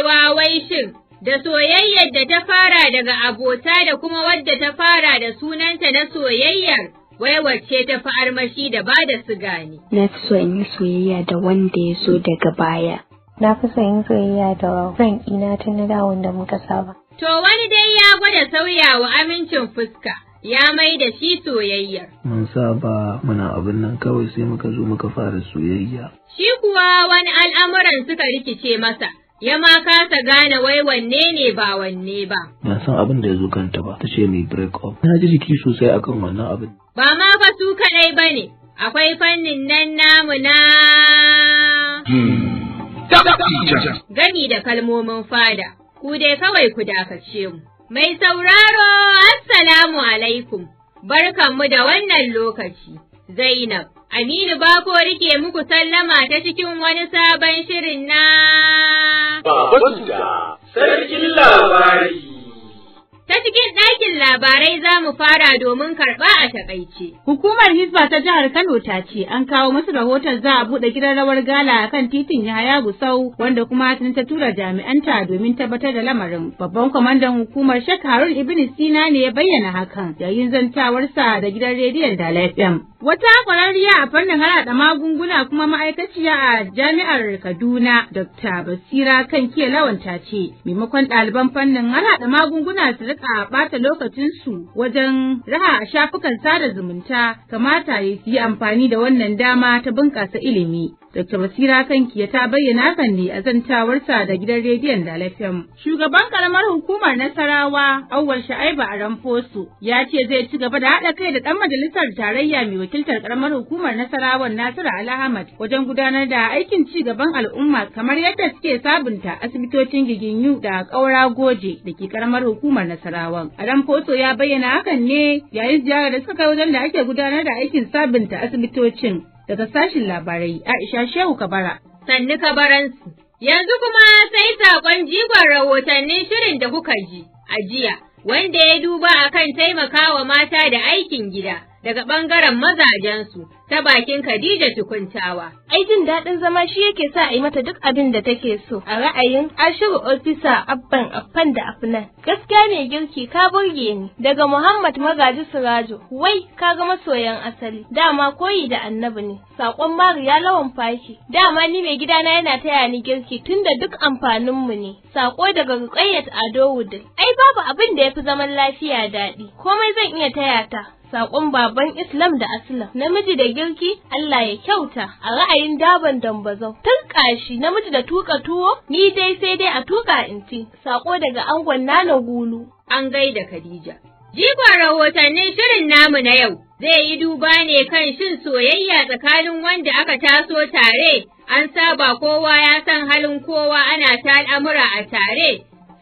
cewa wai shin da soyayyar da ta fara daga abota da kuma wadda ta fara da sunanta na soyayyar wai wacce ta fi armashi da ba da siga ne. Na fi so in yi soyayya da wanda ya so daga baya. Na fi so in soyayya da wafan ina tun na da wanda muka saba. To wani dai ya gwada sauyawa amincin fuska. ya mai da shi soyayyar. Mun saba muna abin nan kawai sai muka zo muka fara soyayya. Shi kuwa wani al'amuran suka rikice masa, ya ma kasa gane wai wanne ne ba wanne ba. Na san abin da ya zo kanta ba, ta ce mai break up. Na ji jiki sosai akan wannan abin. Ba ma fa su kadai ba ne, akwai fannin nan namu na. Gami da kalmomin fada, ku dai kawai ku dakace mu. Mai sauraro, Assalamu alaikum, barkanmu da wannan lokaci, Zainab. Aminu Bako rike muku sallama ta cikin wani sabon shirin na. da sarkin labari. Ta cikin ɗakin labarai za mu fara domin karɓa a takaice. Hukumar Hisba ta jihar Kano ta ce an kawo masu rahoton za a buɗe gidan rawar gala a kan titin Yahaya Gusau wanda kuma tun ta tura jami'an ta domin tabbatar da lamarin. Babban kwamandan hukumar Sheikh Harun Ibn Sina ne ya bayyana hakan yayin zantawarsa da gidan rediyon Dala FM. Wata kwararriya a fannin haɗa magunguna kuma ma'aikaciya a jami'ar Kaduna Dr. Basira kan lawan ta ce maimakon ɗaliban fannin haɗa magunguna su rika ɓata lokacinsu wajen raha a shafukan sada zumunta kamata yi amfani da wannan dama ta bunƙasa ilimi Dr. Basira ya ta bayyana kan ne a zantawarsa da gidan rediyon da FM. Shugaban karamar hukumar Nasarawa Auwal Sha'aiba Aramfosu ya ce zai ci gaba da haɗa kai da ɗan majalisar tarayya mai wakiltar karamar hukumar Nasarawan Nasiru Alhamad wajen gudanar da aikin ci gaban al'umma kamar yadda suke sabunta asibitocin giginyu da ƙaura goje da ke karamar hukumar Nasarawan. Aramfoso ya bayyana hakan ne yayin ziyarar da suka kai wajen da ake gudanar da aikin sabunta asibitocin daga sashin labarai Aisha Shehu Kabara. Sannu Kabaransu. Yanzu kuma sai saƙon jigon rahotannin shirin da kuka ji a jiya, wanda ya duba akan taimakawa mata da aikin gida daga ɓangaren mazajensu. ta bakin Khadija Tukuntawa. Ai jin daɗin zama shi yake sa a yi mata duk abin da take so. A ra'ayin Ashiru Ofisa Abban Affan da Afnan. Gaskiya ne girki ka burge ni. Daga Muhammad Magaji Sirajo. Wai ka ga masoyan asali. Dama koyi da annabi ne. Sakon Mariya Lawan Fashi. Dama ni mai gidana yana taya ni girki tunda duk amfaninmu ne. Sako daga Rukayyat Ado Wudil. Ai babu abin da ya fi zaman lafiya daɗi. Komai zan iya taya ta. Sakon baban Islam da Aslam. Namiji da girki Allah ya kyauta a ra'ayin daban dambazau tun kashi namiji da tuka tuwo ni dai sai dai a tuka in ci sako daga angon nana gulu an gaida Khadija Jigon rahotannin shirin namu na yau zai yi duba ne kan shin soyayya tsakanin wanda aka taso tare an saba kowa ya san halin kowa ana ta al'amura a tare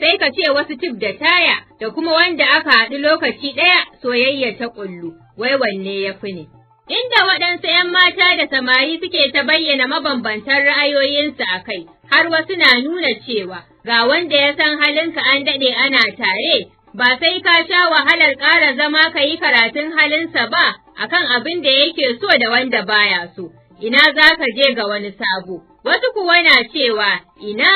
sai ka ce wasu tip da taya da kuma wanda aka haɗu lokaci ɗaya soyayya ta ƙullu wai wanne ya fi ne. inda waɗansu ‘yan mata da samari suke ta bayyana mabambantan ra'ayoyinsu a kai, har wasu na nuna cewa ga wanda ya san halinka an daɗe ana tare, ba sai ka sha wahalar ƙara zama ka yi karatun halinsa ba a kan abin da yake so da wanda baya so. Ina za ka je ga wani sabo, wasu kuwa na cewa ina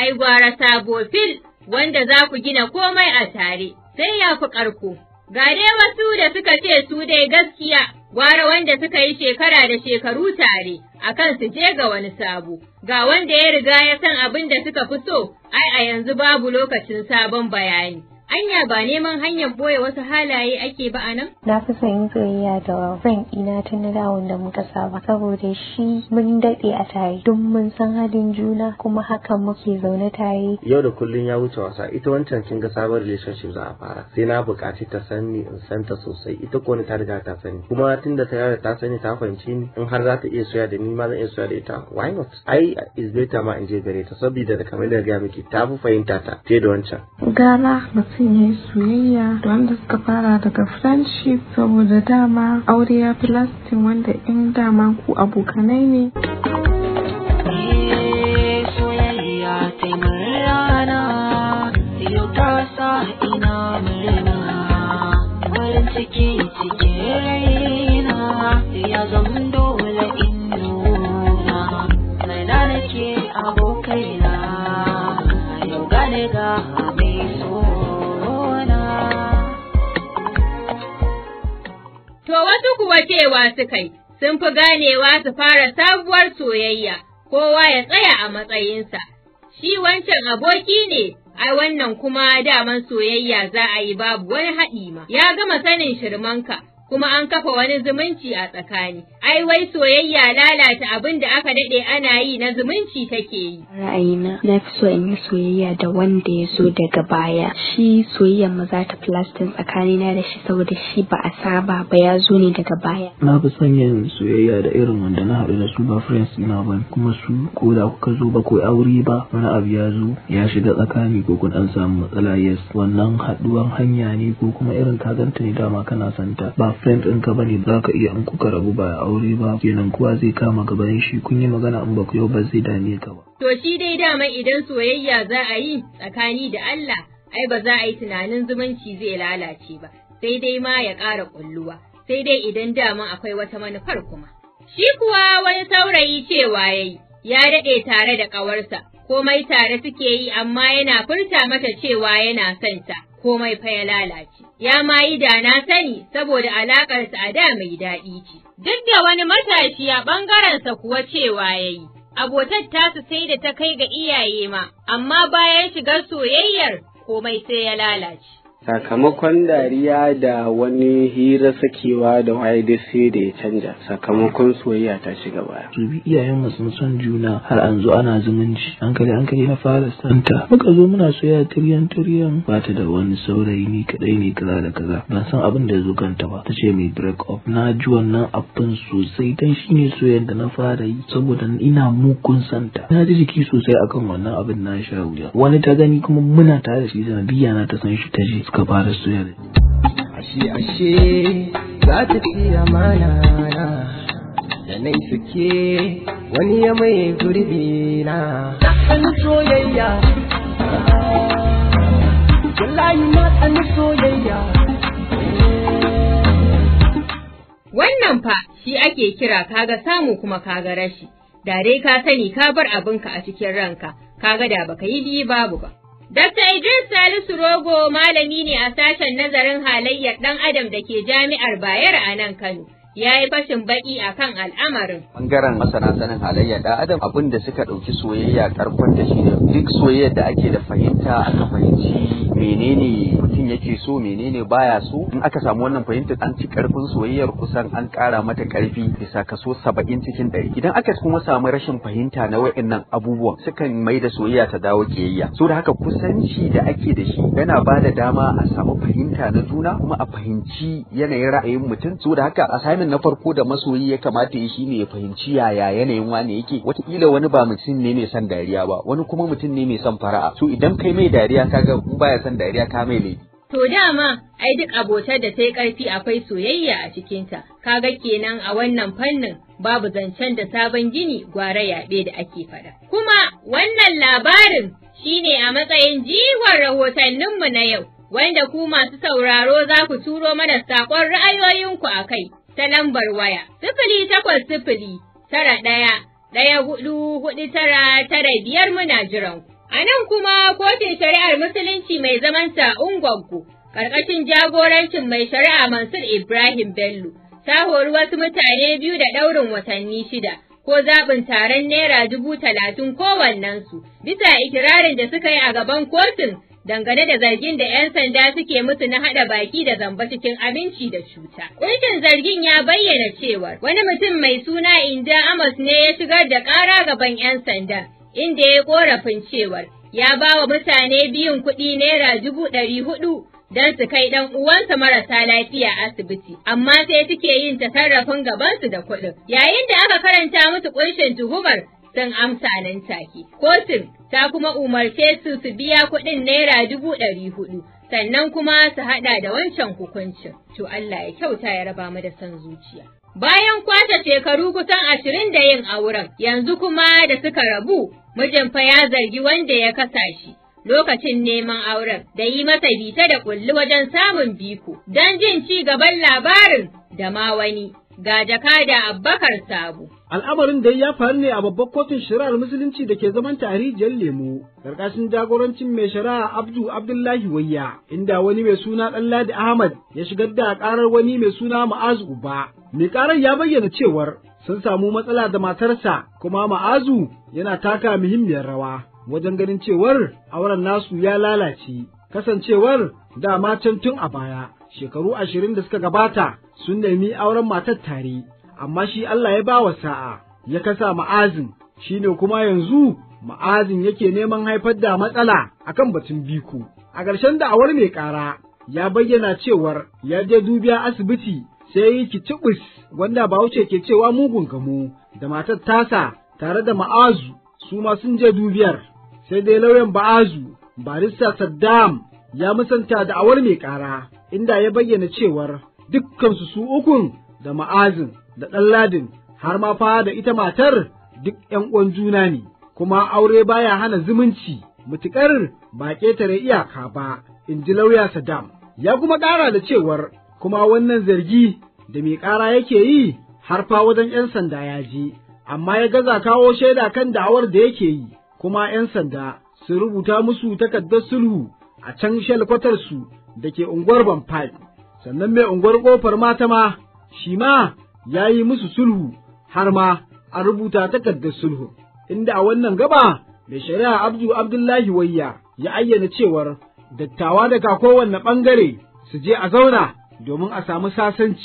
ai gwara sabo fil wanda za ku gina komai a tare, sai ya fi ƙarko. Ga dai wasu da suka ce su dai gaskiya Gwara wanda suka yi shekara da shekaru tare, a kan su je ga wani sabo, ga wanda ya riga ya san abin da suka fi so, ai a yanzu babu lokacin sabon bayani. Anya ba neman hanyar boye wasu halaye ake ba a nan? Na fi son yin soyayya da friend ina tun na dawon da muka saba saboda shi mun daɗe a tare duk mun san halin juna kuma hakan muke zaune tare. Yau da kullum ya wuce wasa ita wancan kin ga sabon relationship za a fara sai na buƙaci ta san in san ta sosai ita ko ni ta riga ta sani kuma tun da ta riga ta sani ta fahimci ni in har za ta iya soya da ni ma zan iya soya da ita why not? Ai is better ma in je gare ta saboda da kamar da ga miki ta fi fahimta ta ce da wancan. Gara mutum ya yi soyayya da wanda suka fara daga friendship saboda dama aure ya fi lasting wanda in dama ku abokanai ne kuwa cewa suka yi, sun fi ganewa su fara sabuwar soyayya, kowa ya tsaya a matsayinsa. Shi wancan aboki ne, ai wannan kuma daman soyayya za a yi babu wani haɗi ma. Ya gama sanin shirmanka, kuma an kafa wani zumunci a tsakani. ai wai soyayya lalata abin da aka dade ana yi na zumunci take yi. Ra'ayina na fi so in yi soyayya da wanda ya zo daga baya. Shi soyayya mu za ta filastin tsakanina da shi saboda shi ba a saba ba ya zo ne daga baya. Na fi son yin soyayya da irin wanda na haɗu da su ba friends ina ba kuma su ko da kuka zo ba ko aure ba wani abu ya zo ya shiga tsakani ko kun an samu matsala yes wannan haɗuwan hanya ne ko kuma irin ka ganta ne dama kana santa ba friend ɗinka ba ne za ka iya in kuka rabu ba aure. aure ba kenan kowa zai kama gaban shi kun yi magana in ba yau ba zai dame ka ba. To shi dai dama idan soyayya za a yi tsakani da Allah ai ba za a yi tunanin zumunci zai lalace ba sai dai ma ya ƙara ƙulluwa sai dai idan dama akwai wata manufar kuma. Shi kuwa wani saurayi cewa ya yi, ya daɗe tare da ƙawarsa komai tare suke yi amma yana furta mata cewa yana son ta komai fa ya lalace. Ya ma yi da na sani saboda alaƙarsa a da mai daɗi ce. Duk da wani matashi a ɓangarensa kuwa cewa ya yi, abotar tasu sai da ta kai ga iyaye ma, amma bayan shigar soyayyar komai sai ya lalace. sakamakon dariya da wani hira sakewa da waye da sai da ya canja sakamakon soyayya ta shiga baya bi iyayen mu sun san juna har an zo ana zumunci an kare an kare na fara santa muka zo muna soyayya tiryan tiryan ba ta da wani saurayi ni kadai ne kaza da kaza ban san abin da ya zo kanta ba Tace mai break up na ji wannan abin sosai dan shine soyayyar da na fara yi saboda ina mukun santa na ji jiki sosai akan wannan abin na sha wuya wani ta gani kuma muna tare da shi biya na ta san shi ta ji suka fara soya da ashe ashe za ta fi amana na da nai suke wani ya mai gurbi na san soyayya wallahi na soyayya wannan fa shi ake kira kaga samu kuma kaga rashi da dai ka sani ka bar abinka a cikin ranka kaga da baka yi biyu babu ba Dr. Idris Salisu Rogo malami ne a sashen nazarin halayyar ɗan adam da ke jami'ar Bayero a nan Kano. ya yi fashin baƙi a kan al'amarin. Bangaren masana sanin halayyar ɗan adam abin da suka ɗauki soyayya karfin da shi ne duk soyayyar da ake da fahimta aka fahimci menene mutum yake so menene baya so in aka samu wannan fahimta an ci karfin soyayyar kusan an kara mata karfi bisa kaso saba'in cikin ɗari idan aka kuma samu rashin fahimta na wa'annan abubuwan sukan mai da soyayya ta dawo kiyayya so da haka kusanci da ake da shi yana ba da dama a samu fahimta na juna kuma a fahimci yanayin ra'ayin mutum so da haka assignment na farko da masoyi ya kamata ya shine ya fahimci yaya yanayin wani yake wataƙila wani ba mutum ne mai son dariya ba wani kuma mutum ne mai son fara'a so idan kai mai dariya kaga baya da dariya ta mai laifi. To dama ai duk abotar da ta yi ƙarfi akwai soyayya a cikinta, kaga kenan a wannan fannin babu zancen da sabon gini gwara yaɓe da ake faɗa. Kuma wannan labarin shi ne a matsayin jigon rahotanninmu na yau, wanda ku masu sauraro za ku turo mana saƙon ra'ayoyinku a kai ta lambar waya sifili takwas sifili tara ɗaya ɗaya huɗu huɗu tara tara biyar muna jiranku A nan kuma kotun shari'ar Musulunci mai zamanta Ungwaggo, ƙarƙashin jagorancin mai shari'a Mansur Ibrahim Bello, ta hori wasu mutane biyu da ɗaurin watanni shida, ko zaɓin taron Naira dubu talatin kowannensu, bisa ikirarin da suka yi a gaban kotun dangane da zargin da 'yan sanda suke musu na haɗa baki da zamba cikin abinci da cuta. Ƙunshin zargin ya bayyana cewar wani mutum mai suna Inda Amos ne ya shigar da ƙara gaban 'yan sanda. inda ya korafin cewar ya ba wa mutane biyun kuɗi naira dubu ɗari hudu don su kai ɗan uwansa marasa lafiya asibiti, amma sai suke yin ta sarrafin gabansu da kuɗin. Yayin da aka karanta musu kunshin tuhumar sun amsa nan take. Kotun ta kuma umarce su su biya kuɗin naira dubu ɗari hudu. Sannan kuma su haɗa da wancan hukuncin, to Allah ya kyauta ya raba mu da son zuciya. Bayan kwace shekaru kusan ashirin da yin auren, yanzu kuma da suka rabu, mijin fa ya zargi wanda ya kasa shi. Lokacin neman auren da yi masa bita da kulli wajen samun biko, don jin ci gaban labarin da ma wani, ga jakada abbakar sabu. Al'amarin dai ya faru ne a babbar kotun shari'ar musulunci da ke zaman tarihiyar lemo, karkashin jagorancin mai shari'a Abdu Abdullahi Wayya, inda wani mai suna Ɗanladi Ahmad ya shigar da ƙarar wani mai suna Ma'azu Uba. Mai ƙarar ya bayyana cewar sun samu matsala da matarsa kuma ma'azu yana taka muhimmiyar rawa wajen ganin cewar auren nasu ya lalace kasancewar dama can tun a baya shekaru ashirin da suka gabata sun nemi auren matar tare amma shi Allah ya bawa sa'a ya kasa ma'azin Shi ne kuma yanzu ma'azin yake neman haifar da matsala akan batun biku a ƙarshen da'awar mai ƙara ya bayyana cewar ya je dubiya asibiti sai ki tubus wanda ba wuce ke cewa mugun gamu, da matar tasa tare da ma'azu su ma sun je dubiyar sai dai lauyan ba'azu barista saddam ya musanta da awar mai ƙara inda ya bayyana cewar dukkansu su ukun da ma'azin da Ladin, har ma fa da ita matar duk ƴan uwan juna ne, kuma aure baya hana zumunci mutuƙar ba ƙetare iyaka ba, in ji lauya Saddam. Ya kuma ƙara da cewar kuma wannan zargi da mai ƙara yake yi har fa wajen ‘yan sanda ya je, amma ya gaza kawo shaida kan da'awar da yake yi, kuma ‘yan sanda sun rubuta musu takardar sulhu a can shalkwatarsu da ke unguwar Banfai, sannan mai unguwar ƙofar mata ma, shi ma ya yi musu sulhu har ma a rubuta takardar sulhu, inda a wannan gaba mai shari'a Abdu Abdullahi Wayya ya ayyana cewar dattawa daga kowanne ɓangare su je a zauna domin a samu sasanci.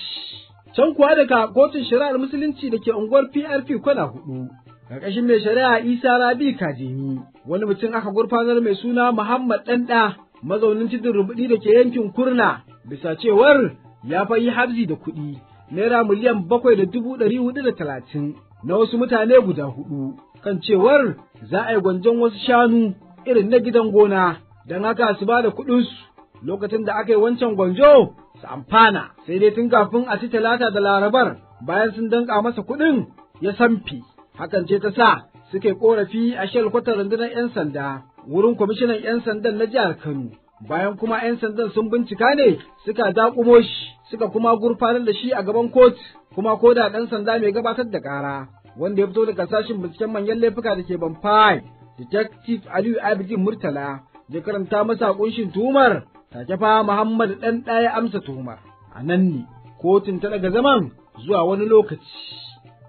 Can kuwa daga kotun shari'ar musulunci da ke unguwar PRP kwana hudu, ƙarƙashin mai shari'a Isa Rabi Kajemi, wani mutum aka gurfanar mai suna Muhammad Ɗanɗa, mazaunin cikin rubuɗi da ke yankin Kurna, bisa cewar ya fayi harzi da kuɗi, naira miliyan bakwai da dubu ɗari hudu da talatin na wasu mutane guda huɗu. kan cewar za a yi gwanjon wasu shanu irin na gidan gona, don haka su ba da kuɗinsu. lokacin da aka yi wancan gwanjo su amfana sai dai tun kafin a ci talata da larabar bayan sun danka masa kuɗin ya sanfi hakan ce ta sa suke korafi a alkwatar rundunar 'yan sanda wurin kwamishinan 'yan sandan na jihar Kano bayan kuma 'yan sandan sun bincika ne suka daƙumo shi suka kuma gurfanar da shi a gaban kotu kuma ko da ɗan sanda mai gabatar da ƙara wanda ya fito daga sashin binciken manyan laifuka da ke banfai detective aliyu abidin murtala ya karanta masa kunshin tumar Ta jafa Muhammad ɗan ɗaya amsa tuhumar, a nan ne kotun ta daga zaman zuwa wani lokaci,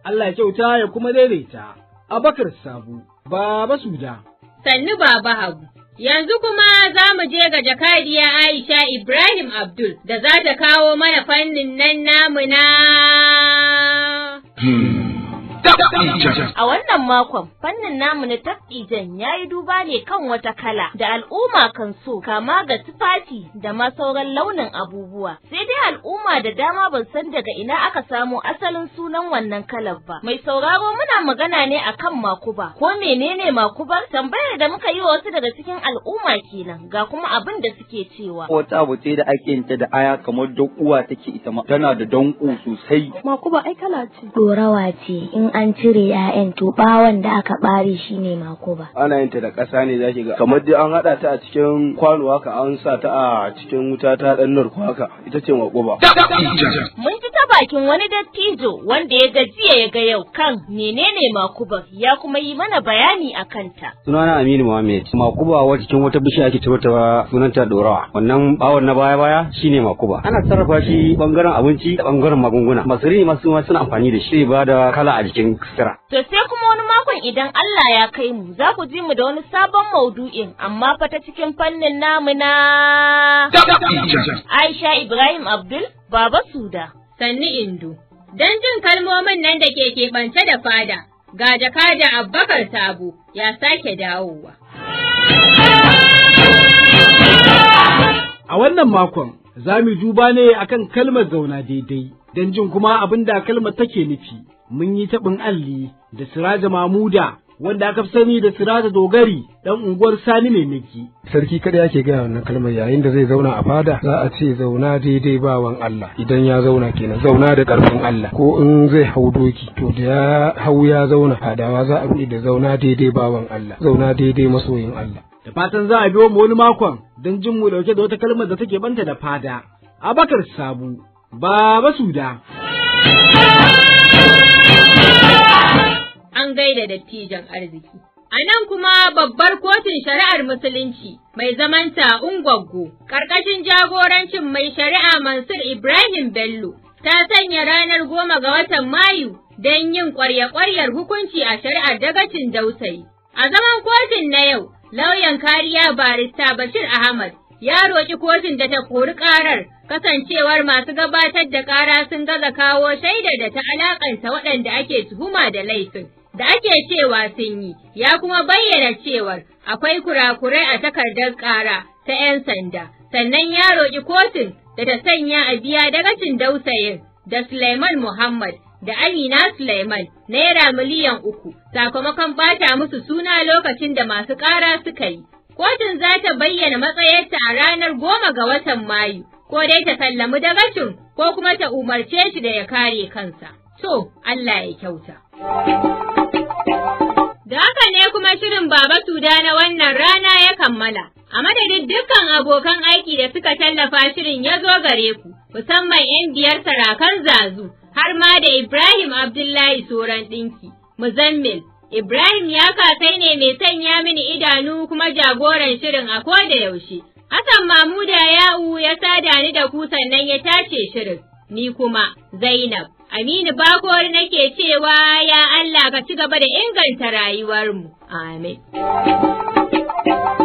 Allah ya kyauta ya kuma daidaita, a bakar Sabu, Baba Suda. Sannu Baba Habu. Yanzu kuma za mu je ga jakadiya Aisha Ibrahim Abdul da za ta kawo mana fannin nan namu A wannan makon fannin namu na tafijan ya yi duba ne kan wata kala da al'umma kan so kama ga tufafi da ma sauran launin abubuwa. Sai dai al'umma da dama ban san daga ina aka samo asalin sunan wannan kalar ba. Mai sauraro muna magana ne a kan makuba. Ko menene makubar? Tambayar da muka yi wa wasu daga cikin al'umma kenan ga kuma abin da suke cewa. Wata abu ce da ake ta da aya kamar duk uwa take ita ma tana da danko sosai. Makuba ai kala ce. Dorawa ce in an cire 'ya'yan to bawon da aka bare mako ba. ana yin ta da ƙasa ne zaki ga kamar dai an haɗa ta a cikin kwano haka an sa ta a cikin wuta ta ɗan narko haka ita ce makuba mun ji bakin wani dattijo wanda ya gajiya ya ga yau kan menene makuba ya kuma yi mana bayani a kanta. Sunana Aminu Muhammad. Makuba wata cikin wata bishiya ake cewa sunanta dorawa. Wannan bawon na baya baya shine makuba. Ana sarrafa shi bangaren abinci da bangaren magunguna. Masiri masu ma suna amfani da shi ba da kala a jikin sutura. To sai kuma wani makon idan Allah ya kai mu za ku ji mu da wani sabon maudu'in amma fa ta cikin fannin namu na Aisha Ibrahim Abdul Baba Suda. sannu Indo. Don jin kalmomin nan da ke keɓance da fada, ga da abbakar sabo ya sake dawowa. A wannan makon, za mu duba ne akan kalmar zauna daidai, don jin kuma abin da kalmar take nufi. Mun yi taɓin alli da Siraja Mamuda wanda aka fi sani da Sirata Dogari dan unguwar Sani mai miki. Sarki kada yake gaya wannan kalmar yayin da zai zauna a fada za a ce zauna daidai bawan Allah idan ya zauna kenan zauna da karfin Allah ko in zai hau doki to da ya hau ya zauna fadawa za a ruɗe da zauna daidai bawan Allah zauna daidai masoyin Allah. Da fatan za a biyo mu wani makon don jin mu dauke da wata kalmar da take banta da fada. Abakar Sabu, Baba Suda. an gaida dattijan arziki. A nan kuma babbar kotun shari'ar Musulunci mai zamanta Ungwaggo, ƙarƙashin jagorancin mai shari'a Mansur Ibrahim Bello, ta sanya ranar goma ga watan Mayu don yin ƙwarya-ƙwaryar hukunci a shari'ar dagacin dausayi. A zaman kotun na yau, lauyan kariya barista Bashir Ahmad ya roƙi kotun da ta kori ƙarar kasancewar masu gabatar da ƙara sun gaza kawo shaidar da ta alaƙanta waɗanda ake tuhuma da laifin. da ake cewa sun yi, ya kuma bayyana cewar akwai kurakurai a takardar ƙara ta 'yan sanda, sannan ya roƙi kotun da ta sanya a biya dagacin dausayin da Suleiman Muhammad da Amina Suleiman naira miliyan uku sakamakon bata musu suna lokacin da masu ƙara suka yi. Kotun za ta bayyana matsayarta a ranar goma ga watan Mayu, ko dai ta sallami dagacin ko kuma ta umarce shi da ya kare kansa. So Allah ya kyauta. Da haka ne kuma shirin Baba Tuda na wannan rana ya kammala, a madadin dukkan abokan aiki da suka tallafa shirin ya zo gare ku, musamman 'yan biyar sarakan zazu, har ma da Ibrahim Abdullahi Soran ɗinki, Muzammil. Ibrahim ya kasai ne mai sanya mini idanu kuma jagoran shirin a koda yaushe. Hassan Mamuda Ya'u ya sada ni da ku sannan ya tace shirin, ni kuma Zainab. Aminu Bakori nake cewa ya Allah ka ci gaba da inganta rayuwar mu. Amin.